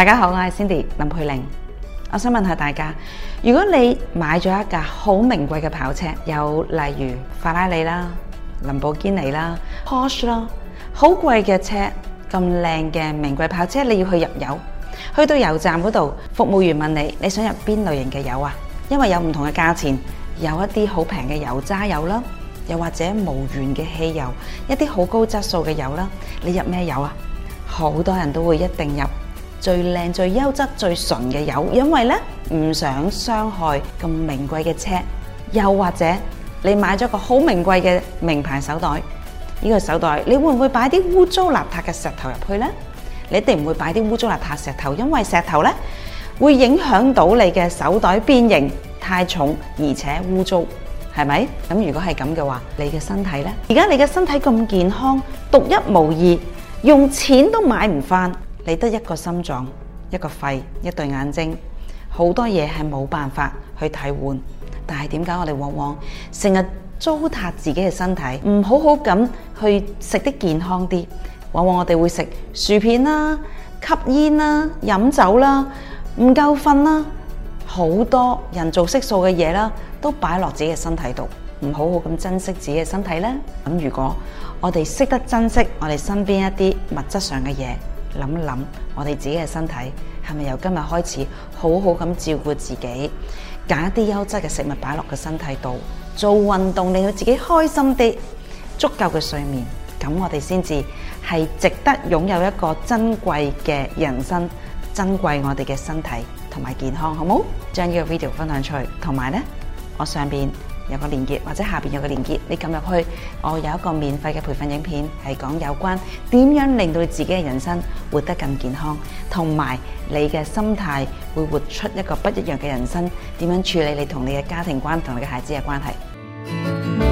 大家好，我係 Cindy 林佩玲。我想問下大家，如果你買咗一架好名貴嘅跑車，有例如法拉利啦、林寶堅尼啦、Porsche 啦，好貴嘅車，咁靚嘅名貴跑車，你要去入油，去到油站嗰度，服務員問你，你想入邊類型嘅油啊？因為有唔同嘅價錢，有一啲好平嘅油渣油啦，又或者無鉛嘅汽油，一啲好高質素嘅油啦，你入咩油啊？好多人都會一定入。最靚、最優質、最純嘅油，因為呢唔想傷害咁名貴嘅車。又或者你買咗個好名貴嘅名牌手袋，呢個手袋你會唔會擺啲污糟邋遢嘅石頭入去呢？你一定唔會擺啲污糟邋遢石頭，因為石頭呢會影響到你嘅手袋變形，太重而且污糟，係咪？咁如果係咁嘅話，你嘅身體呢，而家你嘅身體咁健康，獨一無二，用錢都買唔返。你得一個心臟、一個肺、一對眼睛，好多嘢係冇辦法去替換。但係點解我哋往往成日糟蹋自己嘅身體，唔好好咁去食得健康啲？往往我哋會食薯片啦、吸煙啦、飲酒啦、唔夠瞓啦，好多人造色素嘅嘢啦，都擺落自己嘅身體度，唔好好咁珍惜自己嘅身體呢。咁如果我哋識得珍惜我哋身邊一啲物質上嘅嘢。諗一諗，我哋自己嘅身體係咪由今日開始好好咁照顧自己，揀一啲優質嘅食物擺落個身體度，做運動令到自己開心啲，足夠嘅睡眠，咁我哋先至係值得擁有一個珍貴嘅人生，珍貴我哋嘅身體同埋健康，好唔好？將呢個 video 分享出去，同埋呢我上邊。有個鏈接，或者下邊有個鏈接，你撳入去，我有一個免費嘅培訓影片，係講有關點樣令到自己嘅人生活得更健康，同埋你嘅心態會活出一個不一樣嘅人生，點樣處理你同你嘅家庭關同你嘅孩子嘅關係。